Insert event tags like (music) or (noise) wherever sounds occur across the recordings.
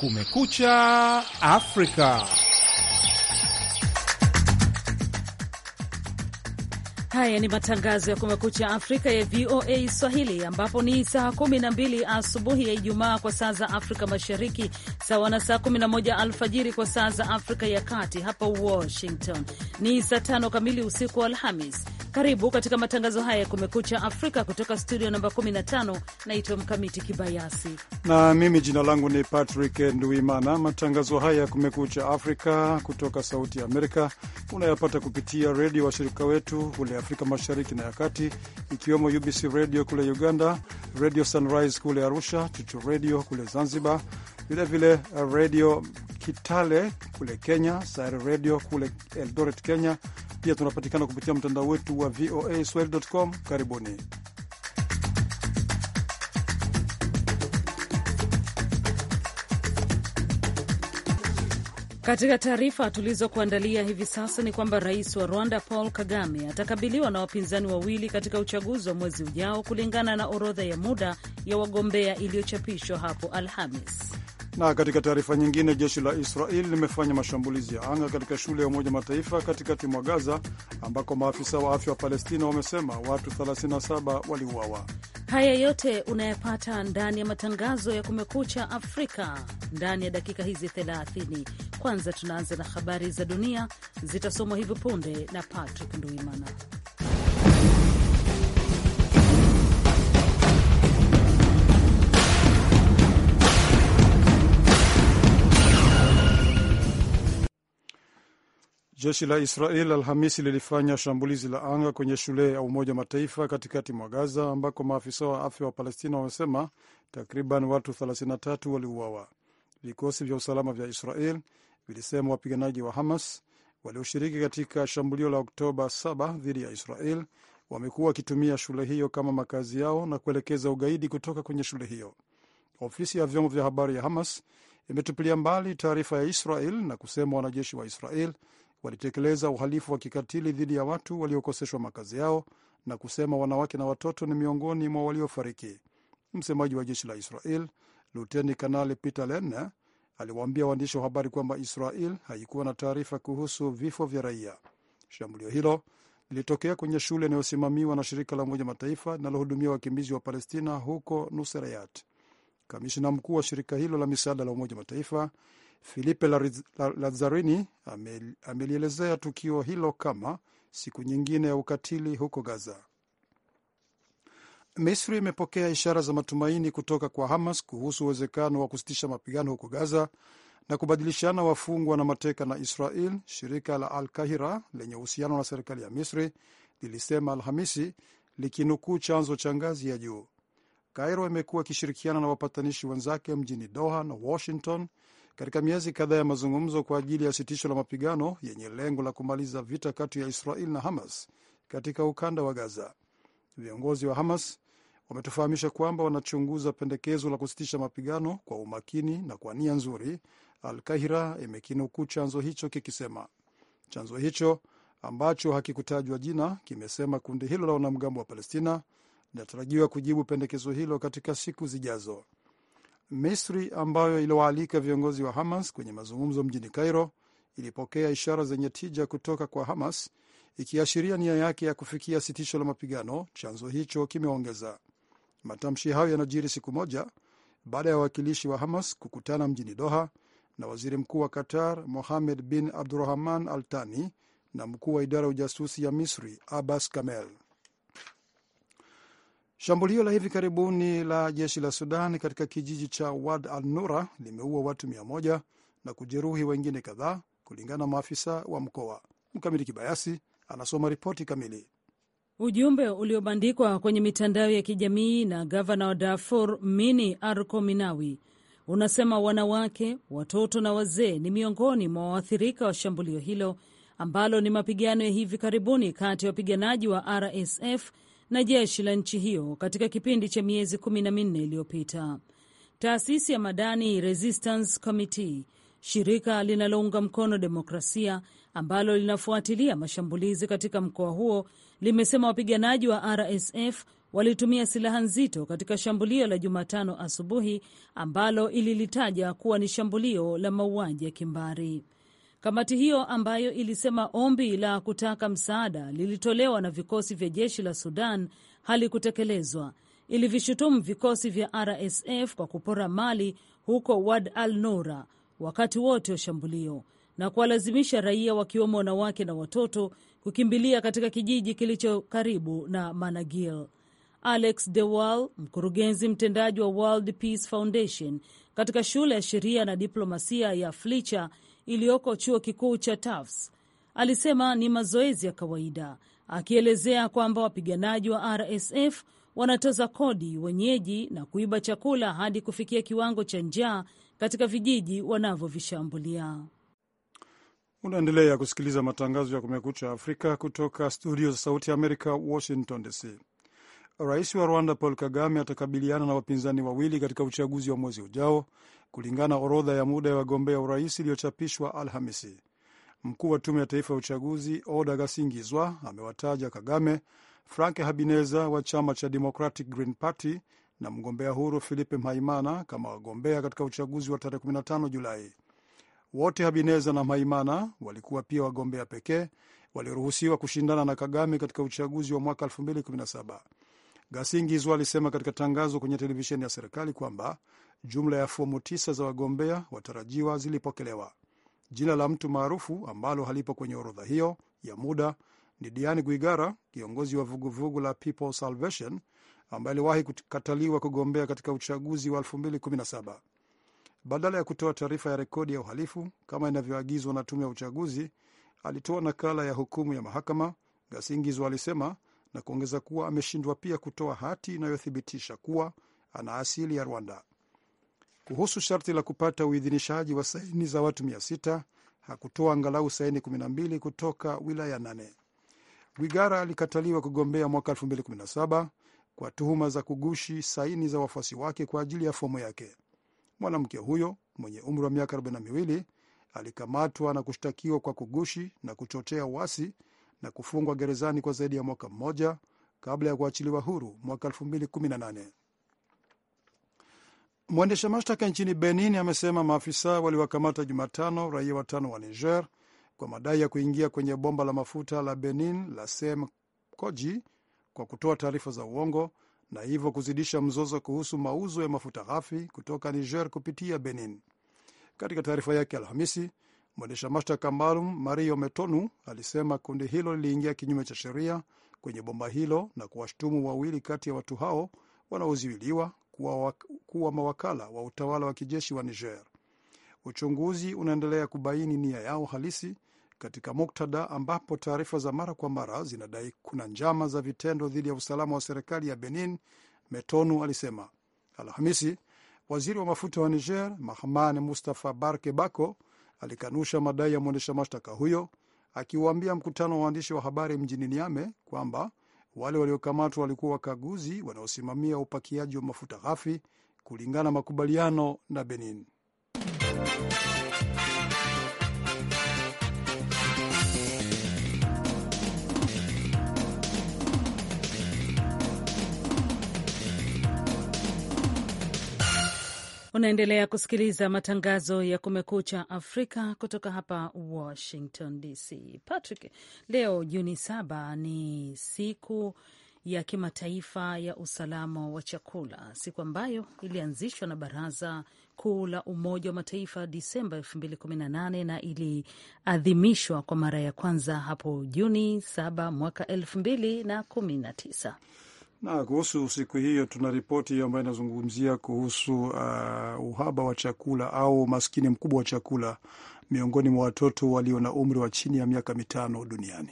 Kumekucha Afrika. Haya ni matangazo ya Kumekucha Afrika ya VOA Swahili, ambapo ni saa 12 asubuhi ya Ijumaa kwa saa za Afrika Mashariki, sawa na saa 11 alfajiri kwa saa za Afrika ya Kati. Hapa Washington ni saa tano kamili usiku wa Alhamis. Karibu katika matangazo haya ya Kumekucha Afrika kutoka studio namba 15. Naitwa Mkamiti Kibayasi na mimi jina langu ni Patrick Nduimana. Matangazo haya ya Kumekucha Afrika kutoka Sauti ya Amerika unayapata kupitia redio washirika wetu kule Afrika Mashariki na ya Kati, ikiwemo UBC redio kule Uganda, redio Sunrise kule Arusha, Chuchu redio kule Zanzibar, vilevile redio Kitale kule Kenya, Sayari redio kule Eldoret, Kenya. Pia tunapatikana kupitia mtandao wetu wa VOA Swahili.com. Karibuni. Katika taarifa tulizokuandalia hivi sasa ni kwamba rais wa Rwanda Paul Kagame atakabiliwa na wapinzani wawili katika uchaguzi wa mwezi ujao kulingana na orodha ya muda ya wagombea iliyochapishwa hapo Alhamis. Na katika taarifa nyingine, jeshi la Israel limefanya mashambulizi ya anga katika shule ya Umoja Mataifa katikati mwa Gaza, ambako maafisa wa afya wa Palestina wamesema watu 37 waliuawa. Haya yote unayapata ndani ya matangazo ya Kumekucha Afrika ndani ya dakika hizi 30. Kwanza tunaanza na habari za dunia, zitasomwa hivi punde na Patrick Nduimana. Jeshi la Israel Alhamisi lilifanya shambulizi la anga kwenye shule ya Umoja Mataifa katikati mwa Gaza, ambako maafisa wa afya wa Palestina wamesema takriban watu 33 waliuawa. Vikosi vya usalama vya Israel vilisema wapiganaji wa Hamas walioshiriki katika shambulio la Oktoba 7 dhidi ya Israel wamekuwa wakitumia shule hiyo kama makazi yao na kuelekeza ugaidi kutoka kwenye shule hiyo. Ofisi ya vyombo vya habari ya Hamas imetupilia mbali taarifa ya Israel na kusema wanajeshi wa Israel walitekeleza uhalifu wa kikatili dhidi ya watu waliokoseshwa makazi yao na kusema wanawake na watoto ni miongoni mwa waliofariki. Msemaji wa jeshi la Israel Luteni Kanali Peter Lenne aliwaambia waandishi wa habari kwamba Israel haikuwa na taarifa kuhusu vifo vya raia. Shambulio hilo lilitokea kwenye shule inayosimamiwa na shirika la Umoja Mataifa linalohudumia wakimbizi wa Palestina huko Nuserayat. Kamishina mkuu wa shirika hilo la misaada la Umoja Mataifa Filipe Lazzarini amelielezea tukio hilo kama siku nyingine ya ukatili huko Gaza. Misri imepokea ishara za matumaini kutoka kwa Hamas kuhusu uwezekano wa kusitisha mapigano huko Gaza na kubadilishana wafungwa na mateka na Israel. Shirika la Al Kahira lenye uhusiano na serikali ya Misri lilisema Alhamisi likinukuu chanzo cha ngazi ya juu. Kairo imekuwa ikishirikiana na wapatanishi wenzake mjini Doha na Washington katika miezi kadhaa ya mazungumzo kwa ajili ya sitisho la mapigano yenye lengo la kumaliza vita kati ya Israel na Hamas katika ukanda wa Gaza. Viongozi wa Hamas wametufahamisha kwamba wanachunguza pendekezo la kusitisha mapigano kwa umakini na kwa nia nzuri, Al Kahira imekinukuu chanzo hicho kikisema. Chanzo hicho ambacho hakikutajwa jina kimesema kundi hilo la wanamgambo wa Palestina inatarajiwa kujibu pendekezo hilo katika siku zijazo. Misri ambayo iliwaalika viongozi wa Hamas kwenye mazungumzo mjini Cairo ilipokea ishara zenye tija kutoka kwa Hamas ikiashiria nia yake ya kufikia sitisho la mapigano, chanzo hicho kimeongeza. Matamshi hayo yanajiri siku moja baada ya wawakilishi wa Hamas kukutana mjini Doha na waziri mkuu wa Qatar Mohamed bin Abdurahman Al Thani na mkuu wa idara ya ujasusi ya Misri Abbas Kamel. Shambulio la hivi karibuni la jeshi la Sudan katika kijiji cha Wad al Nura limeua watu mia moja na kujeruhi wengine kadhaa, kulingana na maafisa wa mkoa. Mkamili Kibayasi anasoma ripoti kamili. Ujumbe uliobandikwa kwenye mitandao ya kijamii na gavana wa Darfur Mini Arko Minawi unasema wanawake, watoto na wazee ni miongoni mwa waathirika wa shambulio hilo ambalo ni mapigano ya hivi karibuni kati ya wapiganaji wa RSF na jeshi la nchi hiyo katika kipindi cha miezi kumi na minne iliyopita. Taasisi ya madani Resistance Committee, shirika linalounga mkono demokrasia ambalo linafuatilia mashambulizi katika mkoa huo, limesema wapiganaji wa RSF walitumia silaha nzito katika shambulio la Jumatano asubuhi ambalo ililitaja kuwa ni shambulio la mauaji ya kimbari. Kamati hiyo ambayo ilisema ombi la kutaka msaada lilitolewa na vikosi vya jeshi la Sudan halikutekelezwa ilivishutumu vikosi vya RSF kwa kupora mali huko Wad al nora wakati wote wa shambulio na kuwalazimisha raia wakiwemo wanawake na watoto kukimbilia katika kijiji kilicho karibu na Managil. Alex De Wal, mkurugenzi mtendaji wa World Peace Foundation katika shule ya sheria na diplomasia ya Fletcher, iliyoko chuo kikuu cha Tufts alisema ni mazoezi ya kawaida, akielezea kwamba wapiganaji wa RSF wanatoza kodi wenyeji na kuiba chakula hadi kufikia kiwango cha njaa katika vijiji wanavyovishambulia. Unaendelea kusikiliza matangazo ya Kumekucha Afrika kutoka studio za Sauti ya Amerika, Washington DC. Rais wa Rwanda Paul Kagame atakabiliana na wapinzani wawili katika uchaguzi wa mwezi ujao, kulingana na orodha ya muda ya wagombea urais iliyochapishwa Alhamisi. Mkuu wa tume ya taifa ya uchaguzi Oda Gasingizwa amewataja Kagame, Frank Habineza wa chama cha Democratic Green Party na mgombea huru Philipe Mhaimana kama wagombea katika uchaguzi wa tarehe 15 Julai. Wote Habineza na Mhaimana walikuwa pia wagombea pekee walioruhusiwa kushindana na Kagame katika uchaguzi wa mwaka 2017. Gasingizwa alisema katika tangazo kwenye televisheni ya serikali kwamba Jumla ya fomu tisa za wagombea watarajiwa zilipokelewa. Jina la mtu maarufu ambalo halipo kwenye orodha hiyo ya muda ni Diani guigara kiongozi wa vuguvugu vugu la People Salvation ambaye aliwahi kukataliwa kugombea katika uchaguzi wa 2017. Badala ya kutoa taarifa ya rekodi ya uhalifu kama inavyoagizwa na tume ya uchaguzi, alitoa nakala ya hukumu ya mahakama, Gasingizwa alisema, na kuongeza kuwa ameshindwa pia kutoa hati inayothibitisha kuwa ana asili ya Rwanda kuhusu sharti la kupata uidhinishaji wa saini za watu sita, hakutoa angalau saini 12 kutoka wilaya 8. Gwigara alikataliwa kugombea mwaka 2017 kwa tuhuma za kugushi saini za wafuasi wake kwa ajili ya fomu yake. Mwanamke huyo mwenye umri wa miaka 42 alikamatwa na kushtakiwa kwa kugushi na kuchochea uasi na kufungwa gerezani kwa zaidi ya mwaka mmoja kabla ya kuachiliwa huru mwaka 2018. Mwendesha mashtaka nchini Benin amesema maafisa waliwakamata Jumatano raia watano wa Niger kwa madai ya kuingia kwenye bomba la mafuta la Benin la Sem Koji kwa kutoa taarifa za uongo na hivyo kuzidisha mzozo kuhusu mauzo ya mafuta ghafi kutoka Niger kupitia Benin. Katika taarifa yake Alhamisi, mwendesha mashtaka maalum Mario Metonu alisema kundi hilo liliingia kinyume cha sheria kwenye bomba hilo na kuwashtumu wawili kati ya watu hao wanaoziwiliwa kuwa, kuwa mawakala wa utawala wa kijeshi wa Niger. Uchunguzi unaendelea kubaini nia yao halisi katika muktadha ambapo taarifa za mara kwa mara zinadai kuna njama za vitendo dhidi ya usalama wa serikali ya Benin, Metonu alisema Alhamisi. Waziri wa mafuta wa Niger, mahman Mustafa Barke Bako, alikanusha madai ya mwendesha mashtaka huyo, akiwaambia mkutano wa waandishi wa habari mjini Niame kwamba wale waliokamatwa walikuwa wakaguzi wanaosimamia upakiaji wa mafuta ghafi kulingana na makubaliano na Benin. Unaendelea kusikiliza matangazo ya Kumekucha Afrika kutoka hapa Washington DC. Patrick, leo Juni saba ni siku ya kimataifa ya usalama wa chakula, siku ambayo ilianzishwa na Baraza Kuu la Umoja wa Mataifa Disemba 2018 na iliadhimishwa kwa mara ya kwanza hapo Juni 7 mwaka 2019. Na kuhusu siku hiyo, tuna ripoti hiyo ambayo inazungumzia kuhusu uh, uhaba wa chakula au maskini mkubwa wa chakula miongoni mwa watoto walio na umri wa chini ya miaka mitano duniani.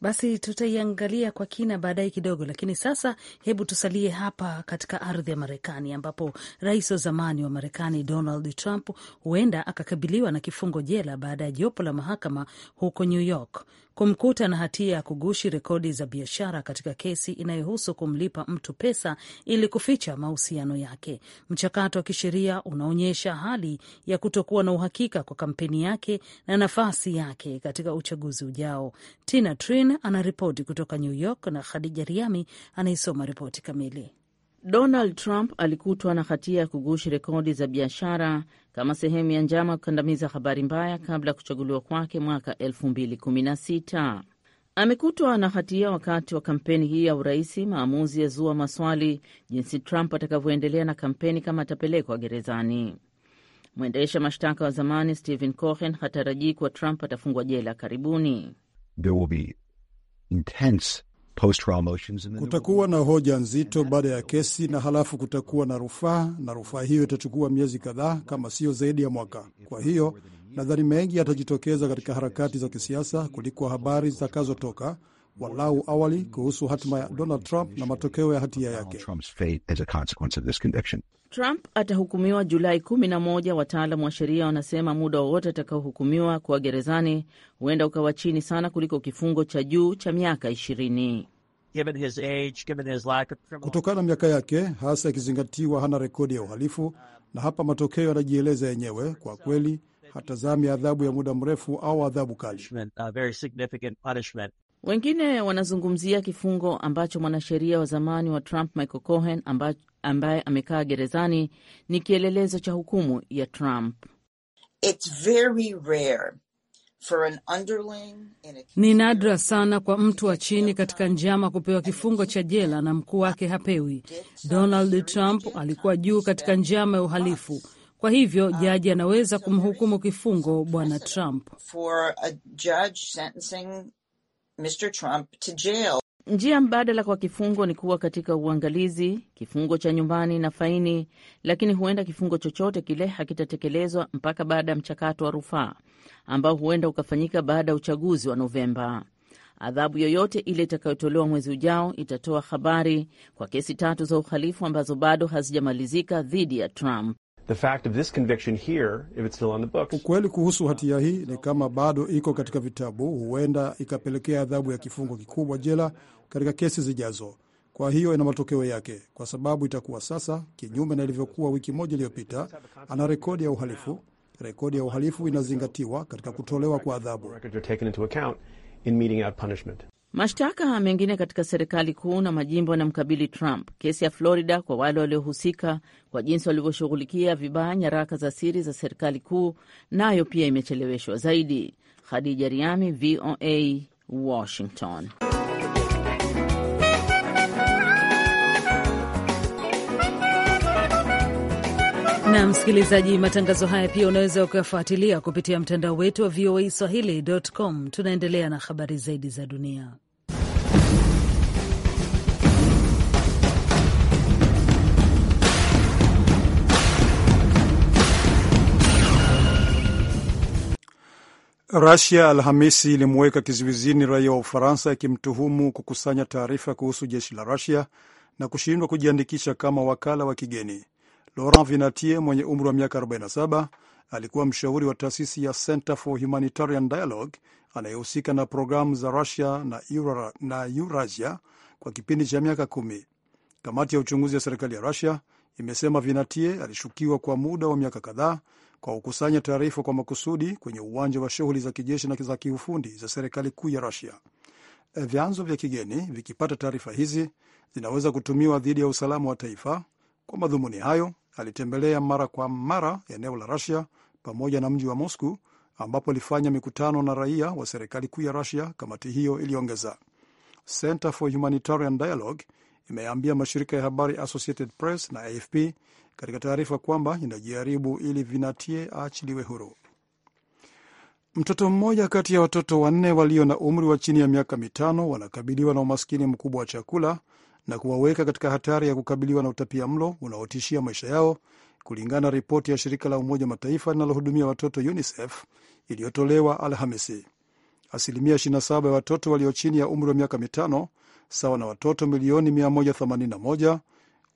Basi tutaiangalia kwa kina baadaye kidogo, lakini sasa hebu tusalie hapa katika ardhi ya Marekani, ambapo rais wa zamani wa Marekani Donald Trump huenda akakabiliwa na kifungo jela baada ya jopo la mahakama huko New York kumkuta na hatia ya kugushi rekodi za biashara katika kesi inayohusu kumlipa mtu pesa ili kuficha mahusiano yake. Mchakato wa kisheria unaonyesha hali ya kutokuwa na uhakika kwa kampeni yake na nafasi yake katika uchaguzi ujao. Tina Trin anaripoti kutoka New York na Khadija Riami anaisoma ripoti kamili. Donald Trump alikutwa na hatia ya kugushi rekodi za biashara kama sehemu ya njama kukandamiza habari mbaya kabla ya kuchaguliwa kwake mwaka 2016. Amekutwa na hatia wakati wa kampeni hii ya uraisi. Maamuzi ya zua maswali jinsi Trump atakavyoendelea na kampeni kama atapelekwa gerezani. Mwendesha mashtaka wa zamani Stephen Cohen hatarajii kuwa Trump atafungwa jela karibuni. There will be intense Kutakuwa na hoja nzito baada ya kesi na halafu kutakuwa na rufaa, na rufaa hiyo itachukua miezi kadhaa, kama sio zaidi ya mwaka. Kwa hiyo nadhani mengi yatajitokeza katika harakati za kisiasa kuliko habari zitakazotoka, walau awali kuhusu hatima ya Donald Trump na matokeo ya hatia yake. Trump atahukumiwa Julai kumi na moja. Wataalam wa sheria wanasema muda wowote atakaohukumiwa kuwa gerezani huenda ukawa chini sana kuliko kifungo cha juu cha miaka ishirini. Kutokana na miaka yake, hasa ikizingatiwa hana rekodi ya uhalifu, na hapa matokeo yanajieleza yenyewe. Kwa kweli hatazami adhabu ya muda mrefu au adhabu kali. Wengine wanazungumzia kifungo ambacho mwanasheria wa zamani wa Trump Michael Cohen ambaye amekaa gerezani ni kielelezo cha hukumu ya Trump. It's very rare. Ni nadra sana kwa mtu wa chini katika njama kupewa kifungo cha jela na mkuu wake hapewi. Donald Trump alikuwa juu katika njama ya uhalifu, kwa hivyo uh, jaji anaweza kumhukumu kifungo bwana Trump. Mr. Trump to jail. Njia mbadala kwa kifungo ni kuwa katika uangalizi, kifungo cha nyumbani na faini, lakini huenda kifungo chochote kile hakitatekelezwa mpaka baada ya mchakato wa rufaa ambao huenda ukafanyika baada ya uchaguzi wa Novemba. Adhabu yoyote ile itakayotolewa mwezi ujao itatoa habari kwa kesi tatu za uhalifu ambazo bado hazijamalizika dhidi ya Trump. The fact of this conviction here, if it's still on the books. Ukweli kuhusu hatia hii ni kama bado iko katika vitabu, huenda ikapelekea adhabu ya kifungo kikubwa jela katika kesi zijazo. Kwa hiyo ina matokeo yake, kwa sababu itakuwa sasa kinyume na ilivyokuwa wiki moja iliyopita. Ana rekodi ya uhalifu, rekodi ya uhalifu inazingatiwa katika kutolewa kwa adhabu. Mashtaka mengine katika serikali kuu na majimbo yanamkabili Trump. Kesi ya Florida kwa wale waliohusika kwa jinsi walivyoshughulikia vibaya nyaraka za siri za serikali kuu nayo pia imecheleweshwa zaidi. Khadija Riami, VOA, Washington. na msikilizaji, matangazo haya pia unaweza ukayafuatilia kupitia mtandao wetu wa VOA Swahili.com. Tunaendelea na habari zaidi za dunia. Rasia Alhamisi ilimweka kizuizini raia wa Ufaransa ikimtuhumu kukusanya taarifa kuhusu jeshi la Rasia na kushindwa kujiandikisha kama wakala wa kigeni. Laurent Vinatier mwenye umri wa miaka 47 alikuwa mshauri wa taasisi ya Center for Humanitarian Dialogue anayehusika na programu za Russia na, Euro, na Eurasia kwa kipindi cha miaka kumi. Kamati ya uchunguzi ya serikali ya Russia imesema Vinatie alishukiwa kwa muda wa miaka kadhaa kwa kukusanya taarifa kwa makusudi kwenye uwanja wa shughuli za kijeshi na za kiufundi za serikali kuu ya Russia. Vyanzo vya kigeni vikipata taarifa hizi zinaweza kutumiwa dhidi ya usalama wa taifa. Kwa madhumuni hayo, alitembelea mara kwa mara eneo la Rusia pamoja na mji wa Moscow ambapo alifanya mikutano na raia wa serikali kuu ya Rusia, kamati hiyo iliongeza. Center for Humanitarian Dialogue imeambia mashirika ya habari Associated Press na AFP katika taarifa kwamba inajaribu ili Vinatie aachiliwe huru. Mtoto mmoja kati ya watoto wanne walio na umri wa chini ya miaka mitano wanakabiliwa na umaskini mkubwa wa chakula na kuwaweka katika hatari ya kukabiliwa na utapia mlo unaotishia maisha yao, kulingana na ripoti ya shirika la Umoja Mataifa linalohudumia watoto UNICEF iliyotolewa Alhamisi. Asilimia 27 ya watoto walio chini ya umri wa miaka mitano, sawa na watoto milioni 181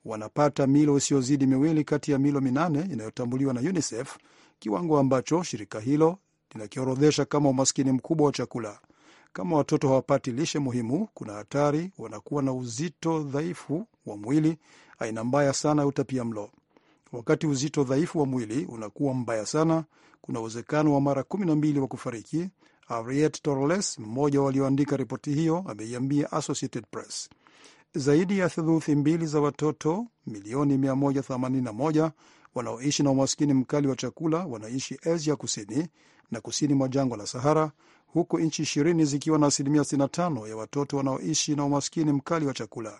wanapata milo isiyozidi miwili kati ya milo minane inayotambuliwa na UNICEF, kiwango ambacho shirika hilo linakiorodhesha kama umaskini mkubwa wa chakula. Kama watoto hawapati lishe muhimu, kuna hatari wanakuwa na uzito dhaifu wa mwili, aina mbaya sana ya utapia mlo. Wakati uzito dhaifu wa mwili unakuwa mbaya sana, kuna uwezekano wa mara kumi na mbili wa kufariki. Ariet Torles, mmoja walioandika ripoti hiyo, ameiambia Associated Press. Zaidi ya theluthi mbili za watoto milioni 181 wanaoishi na umaskini mkali wa chakula wanaishi Asia Kusini, na kusini mwa jangwa la Sahara, huku nchi ishirini zikiwa na asilimia 65 ya watoto wanaoishi na umaskini mkali wa chakula.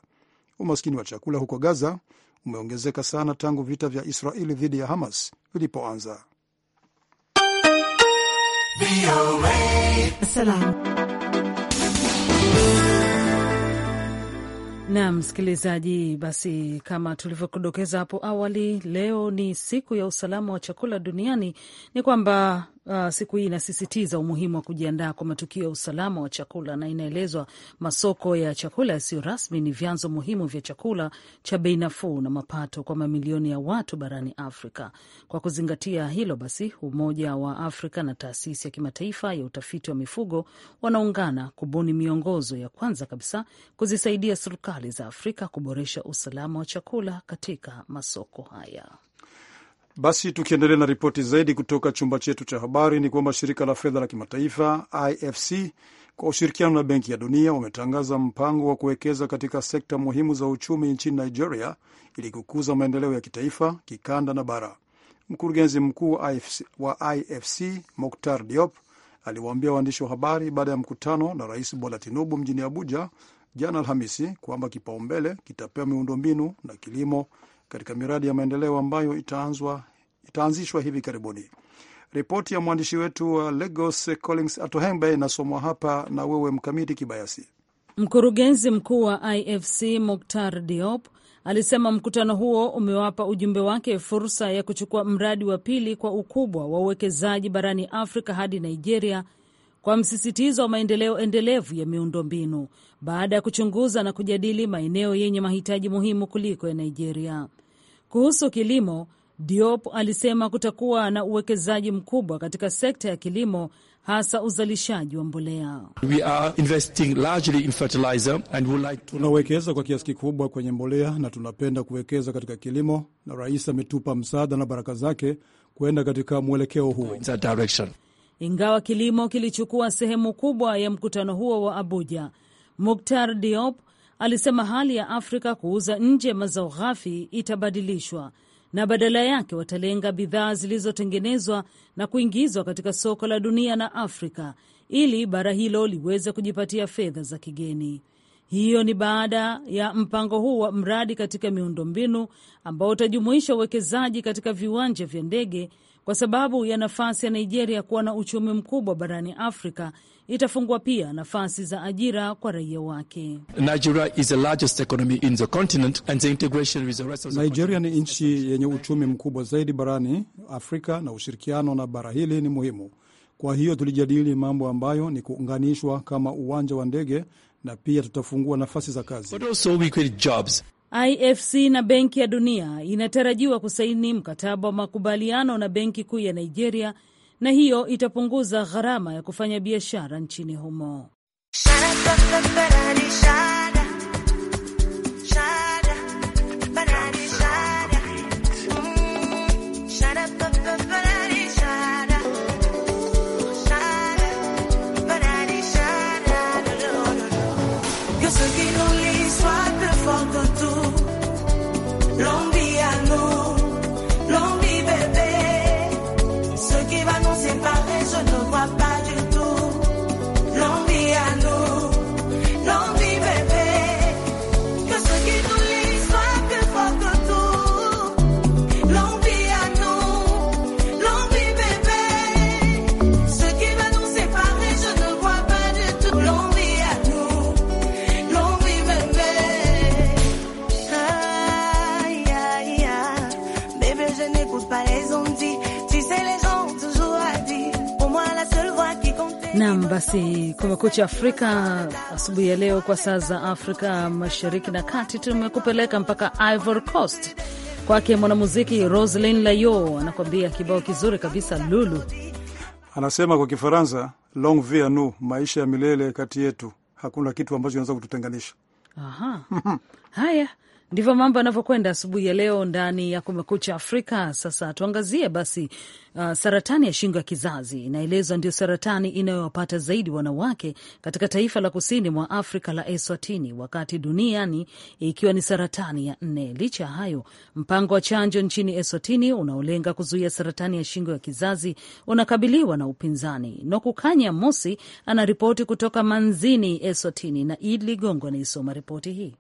Umaskini wa chakula huko Gaza umeongezeka sana tangu vita vya Israeli dhidi ya Hamas vilipoanza. Na msikilizaji, basi kama tulivyokudokeza hapo awali, leo ni siku ya usalama wa chakula duniani. Ni kwamba uh, siku hii inasisitiza umuhimu wa kujiandaa kwa matukio ya usalama wa chakula, na inaelezwa masoko ya chakula yasiyo rasmi ni vyanzo muhimu vya chakula cha bei nafuu na mapato kwa mamilioni ya watu barani Afrika. Kwa kuzingatia hilo basi, Umoja wa Afrika na taasisi ya kimataifa ya utafiti wa mifugo wanaungana kubuni miongozo ya kwanza kabisa kuzisaidia serikali za Afrika kuboresha usalama wa chakula katika masoko haya. Basi tukiendelea na ripoti zaidi kutoka chumba chetu cha habari ni kwamba shirika la fedha la kimataifa IFC kwa ushirikiano na Benki ya Dunia wametangaza mpango wa kuwekeza katika sekta muhimu za uchumi nchini Nigeria ili kukuza maendeleo ya kitaifa, kikanda na bara. Mkurugenzi mkuu wa IFC Moktar Diop aliwaambia waandishi wa habari baada ya mkutano na Rais Bola Tinubu mjini Abuja jana Alhamisi kwamba kipaumbele kitapewa miundombinu na kilimo katika miradi ya maendeleo ambayo itaanzwa, itaanzishwa hivi karibuni. Ripoti ya mwandishi wetu wa Lagos Collins Atohengbe inasomwa hapa na wewe Mkamiti Kibayasi. Mkurugenzi mkuu wa IFC Moktar Diop alisema mkutano huo umewapa ujumbe wake fursa ya kuchukua mradi wa pili kwa ukubwa wa uwekezaji barani Afrika hadi Nigeria kwa msisitizo wa maendeleo endelevu ya miundombinu baada ya kuchunguza na kujadili maeneo yenye mahitaji muhimu kuliko ya Nigeria. Kuhusu kilimo, Diop alisema kutakuwa na uwekezaji mkubwa katika sekta ya kilimo hasa uzalishaji wa mbolea. like... tunawekeza kwa kiasi kikubwa kwenye mbolea na tunapenda kuwekeza katika kilimo, na rais ametupa msaada na baraka zake kuenda katika mwelekeo huo. Ingawa kilimo kilichukua sehemu kubwa ya mkutano huo wa Abuja, Muktar Diop alisema hali ya Afrika kuuza nje mazao ghafi itabadilishwa na badala yake watalenga bidhaa zilizotengenezwa na kuingizwa katika soko la dunia na Afrika ili bara hilo liweze kujipatia fedha za kigeni. Hiyo ni baada ya mpango huu wa mradi katika miundombinu ambao utajumuisha uwekezaji katika viwanja vya ndege kwa sababu ya nafasi ya Nigeria kuwa na uchumi mkubwa barani Afrika itafungua pia nafasi za ajira kwa raia wake. Nigeria ni nchi yenye uchumi mkubwa zaidi barani Afrika na ushirikiano na bara hili ni muhimu. Kwa hiyo tulijadili mambo ambayo ni kuunganishwa kama uwanja wa ndege na pia tutafungua nafasi za kazi. IFC na Benki ya Dunia inatarajiwa kusaini mkataba wa makubaliano na Benki Kuu ya Nigeria, na hiyo itapunguza gharama ya kufanya biashara nchini humo. Basi Kumekucha Afrika asubuhi ya leo, kwa saa za Afrika Mashariki na Kati, tumekupeleka mpaka Ivory Coast kwake mwanamuziki roselin Layo, anakuambia kibao kizuri kabisa Lulu. Anasema kwa Kifaransa, long vie a nous, maisha ya milele kati yetu, hakuna kitu ambacho inaweza kututenganisha. Aha. (laughs) Haya, Ndivyo mambo yanavyokwenda asubuhi ya leo ndani ya Kumekucha Afrika. Sasa tuangazie basi, uh, saratani ya shingo ya kizazi inaelezwa ndio saratani inayowapata zaidi wanawake katika taifa la kusini mwa Afrika la Eswatini, wakati duniani ikiwa ni saratani ya nne. Licha ya hayo, mpango wa chanjo nchini Eswatini unaolenga kuzuia saratani ya shingo ya kizazi unakabiliwa na upinzani. Nokukanya Mosi anaripoti kutoka Manzini, Eswatini, na Id Ligongo anaisoma ripoti hii.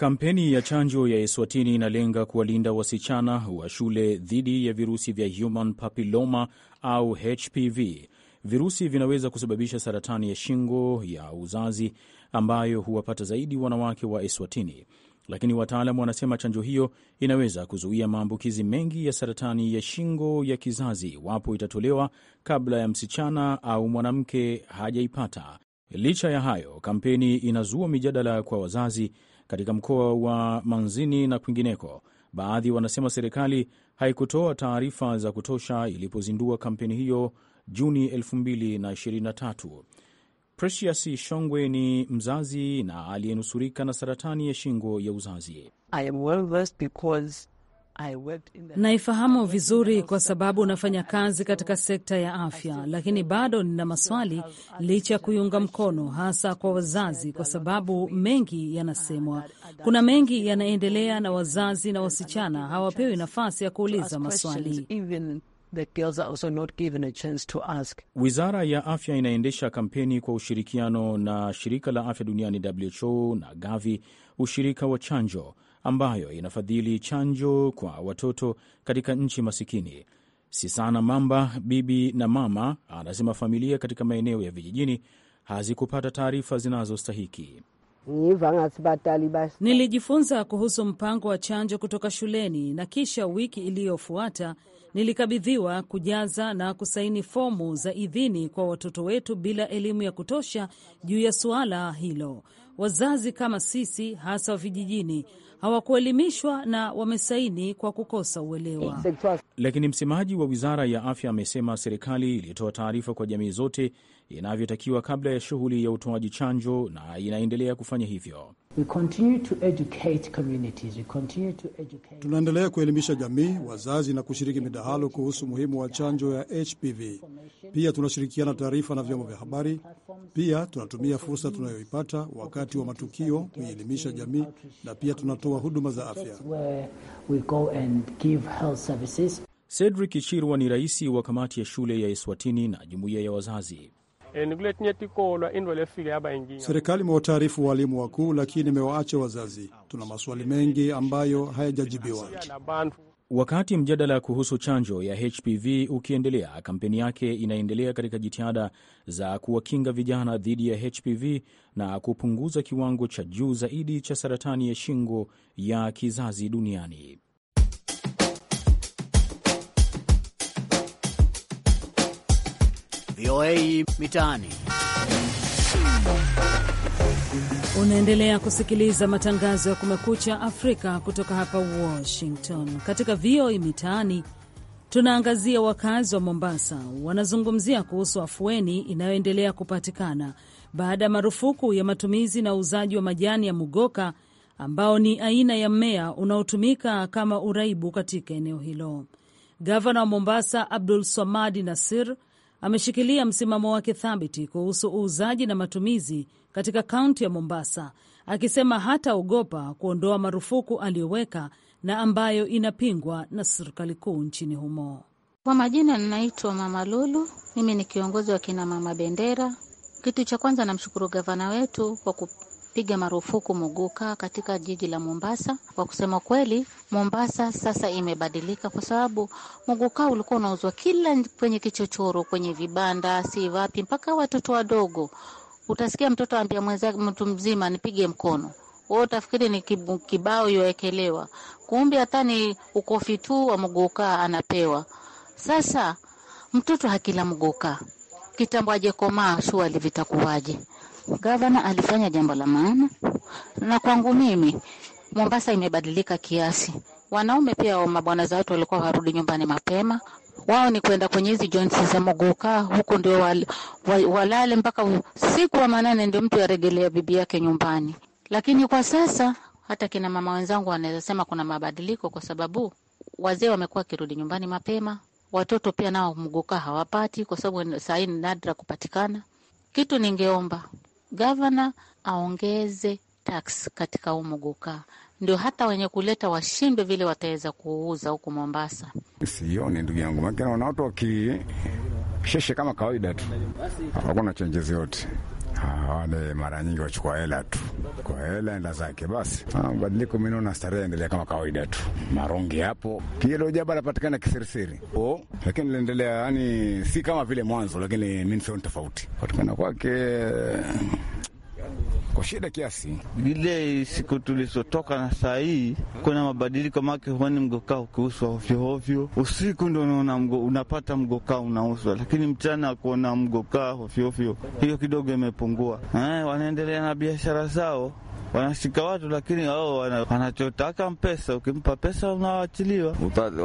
Kampeni ya chanjo ya Eswatini inalenga kuwalinda wasichana wa shule dhidi ya virusi vya human papiloma au HPV. Virusi vinaweza kusababisha saratani ya shingo ya uzazi ambayo huwapata zaidi wanawake wa Eswatini, lakini wataalam wanasema chanjo hiyo inaweza kuzuia maambukizi mengi ya saratani ya shingo ya kizazi iwapo itatolewa kabla ya msichana au mwanamke hajaipata. Licha ya hayo, kampeni inazua mijadala kwa wazazi katika mkoa wa Manzini na kwingineko. Baadhi wanasema serikali haikutoa taarifa za kutosha ilipozindua kampeni hiyo Juni 2023. Precious Shongwe ni mzazi na aliyenusurika na saratani ya shingo ya uzazi. I am well versed because Naifahamu vizuri kwa sababu nafanya kazi katika sekta ya afya, lakini bado nina maswali licha ya kuiunga mkono, hasa kwa wazazi, kwa sababu mengi yanasemwa. Kuna mengi yanaendelea, na wazazi na wasichana hawapewi nafasi ya kuuliza maswali. Wizara ya Afya inaendesha kampeni kwa ushirikiano na Shirika la Afya Duniani WHO na Gavi, ushirika wa chanjo ambayo inafadhili chanjo kwa watoto katika nchi masikini. Sisana Mamba, bibi na mama, anasema familia katika maeneo ya vijijini hazikupata taarifa zinazostahiki. Nilijifunza kuhusu mpango wa chanjo kutoka shuleni na kisha wiki iliyofuata nilikabidhiwa kujaza na kusaini fomu za idhini kwa watoto wetu bila elimu ya kutosha juu ya suala hilo. Wazazi kama sisi, hasa vijijini, hawakuelimishwa na wamesaini kwa kukosa uelewa. Lakini msemaji wa wizara ya afya amesema serikali ilitoa taarifa kwa jamii zote inavyotakiwa kabla ya shughuli ya utoaji chanjo na inaendelea kufanya hivyo. Tunaendelea kuelimisha jamii, wazazi na kushiriki midahalo kuhusu umuhimu wa chanjo ya HPV. Pia tunashirikiana taarifa na vyombo vya habari. Pia tunatumia fursa tunayoipata wakati wa matukio kuielimisha jamii, na pia tunatoa huduma za afya. Cedric Chirwa ni rais wa kamati ya shule ya Eswatini na jumuiya ya wazazi. Eh, Serikali imewataarifu walimu wakuu, lakini imewaacha wazazi. Tuna maswali mengi ambayo hayajajibiwa. Wakati mjadala kuhusu chanjo ya HPV ukiendelea, kampeni yake inaendelea katika jitihada za kuwakinga vijana dhidi ya HPV na kupunguza kiwango cha juu zaidi cha saratani ya shingo ya kizazi duniani. VOA Mitaani. Unaendelea kusikiliza matangazo ya Kumekucha Afrika kutoka hapa Washington. Katika VOA Mitaani tunaangazia wakazi wa Mombasa wanazungumzia kuhusu afueni inayoendelea kupatikana baada ya marufuku ya matumizi na uuzaji wa majani ya mugoka ambao ni aina ya mmea unaotumika kama uraibu katika eneo hilo. Gavana wa Mombasa Abdul Swamadi Nasir ameshikilia msimamo wake thabiti kuhusu uuzaji na matumizi katika kaunti ya Mombasa, akisema hataogopa kuondoa marufuku aliyoweka na ambayo inapingwa na serikali kuu nchini humo. Kwa majina ninaitwa Mama Lulu, mimi ni kiongozi wa kina mama Bendera. Kitu cha kwanza namshukuru gavana wetu kwa piga marufuku Muguka katika jiji la Mombasa. Kwa kusema kweli, Mombasa sasa imebadilika, kwa sababu Muguka ulikuwa unauzwa kila kwenye kichochoro, kwenye vibanda, si wapi, mpaka watoto wadogo. Utasikia mtoto aambia mwenzake, mtu mzima, nipige mkono wao utafikiri ni kibao yoekelewa, kumbe hata ni ukofi tu wa mgoka anapewa. Sasa mtoto hakila mgoka, kitambo ajekomaa su alivitakuwaje. Gavana alifanya jambo la maana, na kwangu mimi Mombasa imebadilika kiasi. Wanaume pia wa mabwana za watu walikuwa warudi nyumbani mapema, wao ni kwenda kwenye hizi joints za Mogoka huko ndio wal, wal, walale mpaka siku wa manane, ndio mtu aregelea ya bibi yake nyumbani. Lakini kwa sasa hata kina mama wenzangu wanaweza sema kuna mabadiliko, kwa sababu wazee wamekuwa wakirudi nyumbani mapema, Watoto pia nao mguka hawapati, kwa sababu saa ni nadra kupatikana. Kitu ningeomba gavana aongeze tax katika huu mguka, ndio hata wenye kuleta washindwe vile wataweza kuuza huku Mombasa. Sioni ndugu yangu, maana naona watu wakisheshe kama kawaida tu, hakuna chenjezi yote wale mara nyingi wachukua hela tu, kwa hela enda zake basi. Ah, mabadiliko mi naona starehe endelea kama kawaida tu, marongi hapo leo jaba anapatikana kisirisiri, oh. lakini liendelea, yani si kama vile mwanzo, lakini mi nifioni tofauti patikana kwake kwa shida kiasi. Vile siku tulizotoka na saa hii kuna mabadiliko make, huani mgokaa ukiuswa hovyohovyo. Usiku ndo unaona mgo, unapata mgokaa unauswa, lakini mchana kuona mgokaa hovyohovyo hiyo kidogo imepungua. Eh, wanaendelea na biashara zao wanashika watu, lakini wao wanachotaka mpesa. Ukimpa pesa unawachiliwa,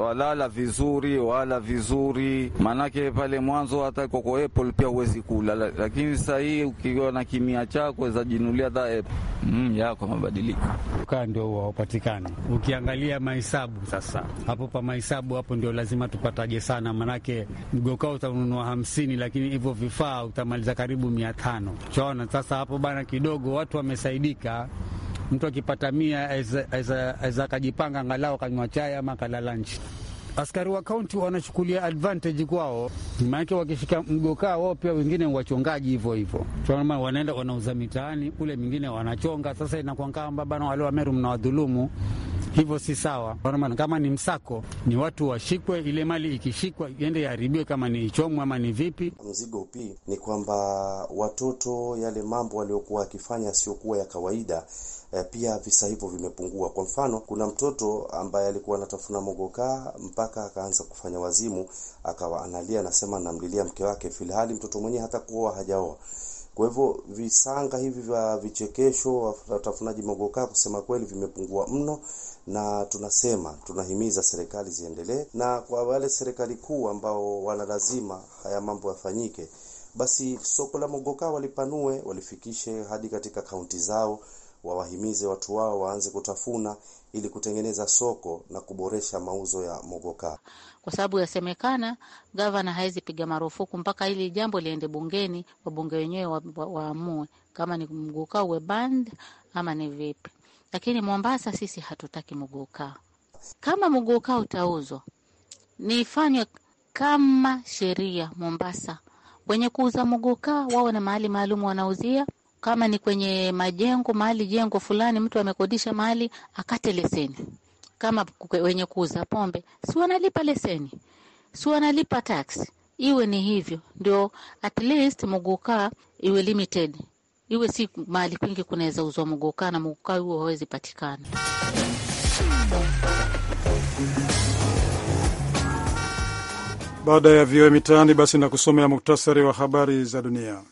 walala vizuri, wala vizuri. Maanake pale mwanzo hata koko Apple pia huwezi kula, lakini sasa hii ukiwa na kimia chako weza jinulia dha apple mm, yako mabadiliko kaa ndio wapatikani. Ukiangalia mahesabu sasa, hapo pa mahesabu hapo ndio lazima tupataje sana, maanake mgokao utanunua hamsini, lakini hivyo vifaa utamaliza karibu mia tano. Chaona sasa hapo bana, kidogo watu wamesaidika mtu akipata mia aweza akajipanga angalau akanywa chai ama akalala nchi. Askari wa kaunti wanachukulia advantage kwao, maanake wakishika mgokaa wao pia wengine wachongaji hivo hivyo, wanaenda wanauza mitaani kule, mingine wanachonga. Sasa inakuwa kama baba na wale Wameru mnawadhulumu hivyo si sawa. Kama ni msako, ni watu washikwe, ile mali ikishikwa iende iharibiwe, kama ni ichomwe ama ni vipi. Mzigo upi ni kwamba watoto, yale mambo waliokuwa wakifanya siokuwa ya kawaida eh, pia visa hivyo vimepungua. Kwa mfano, kuna mtoto ambaye alikuwa anatafuna mogokaa mpaka akaanza kufanya wazimu, akawa analia, anasema anamlilia mke wake, filhali mtoto mwenyewe hata kuoa hajaoa. Kwa hivyo visanga hivi vya vichekesho, watafunaji mogokaa, kusema kweli, vimepungua mno, na tunasema tunahimiza serikali ziendelee, na kwa wale serikali kuu ambao wana lazima haya mambo yafanyike, basi soko la Mogoka walipanue, walifikishe hadi katika kaunti zao, wawahimize watu wao waanze kutafuna ili kutengeneza soko na kuboresha mauzo ya Mogoka, kwa sababu yasemekana gavana hawezi piga marufuku mpaka ili jambo liende bungeni, wabunge wenyewe waamue wa, wa kama ni Mogoka uwe band ama ni vipi lakini Mombasa sisi hatutaki mguu kaa. Kama mguu kaa utauzwa, niifanywe kama sheria Mombasa, wenye kuuza mguu kaa wawe na mahali maalum wanauzia kama ni kwenye majengo mahali jengo fulani mtu amekodisha mahali akate leseni. Kama wenye kuuza pombe si wanalipa leseni, si wanalipa tax, iwe ni hivyo ndio at least mguukaa iwe limited iwe si mahali kwingi kunaweza uzwa mogoka na mogoka huo hawezi patikana. Baada ya vioe mitaani, basi na kusomea muktasari wa habari za dunia.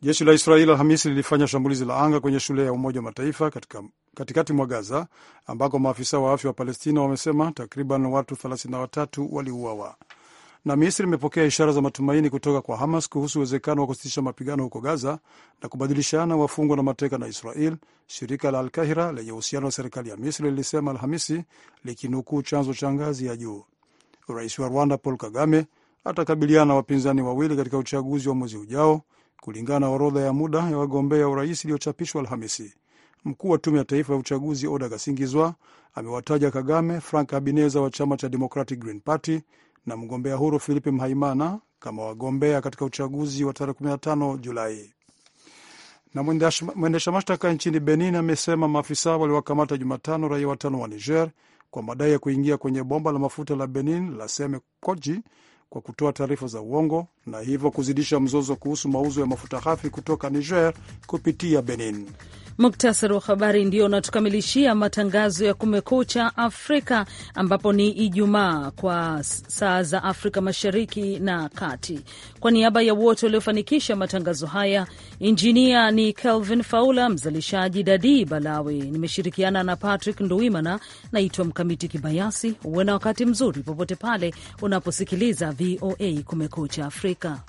Jeshi la Israel Alhamisi lilifanya shambulizi la anga kwenye shule ya Umoja wa Mataifa katika, katikati mwa Gaza ambako maafisa wa afya wa Palestina wamesema takriban watu 33 waliuawa. Na Misri imepokea ishara za matumaini kutoka kwa Hamas kuhusu uwezekano wa kusitisha mapigano huko Gaza na kubadilishana wafungwa na mateka na Israel, shirika la Alkahira lenye uhusiano wa serikali ya Misri lilisema Alhamisi likinukuu chanzo cha ngazi ya juu. Rais wa Rwanda Paul Kagame atakabiliana na wapinzani wawili katika uchaguzi wa mwezi ujao, kulingana na orodha ya muda ya wagombea urais iliyochapishwa Alhamisi. Mkuu wa tume ya taifa ya uchaguzi Oda Gasingizwa amewataja Kagame, Frank Habineza wa chama cha Democratic Green Party na mgombea huru Filipi Mhaimana kama wagombea katika uchaguzi wa tarehe 15 Julai. Na mwendesha mashtaka nchini Benin amesema maafisa waliwakamata Jumatano raia watano wa Niger kwa madai ya kuingia kwenye bomba la mafuta la Benin la Seme Koji kwa kutoa taarifa za uongo na hivyo kuzidisha mzozo kuhusu mauzo ya mafuta ghafi kutoka Niger kupitia Benin. Muktasari wa habari ndio unatukamilishia matangazo ya Kumekucha Afrika, ambapo ni Ijumaa kwa saa za Afrika Mashariki na Kati. Kwa niaba ya wote waliofanikisha matangazo haya, injinia ni Kelvin Faula, mzalishaji Dadi Balawe, nimeshirikiana na Patrick nduimana Naitwa Mkamiti Kibayasi. Uwe na wakati mzuri popote pale unaposikiliza VOA Kumekucha Afrika.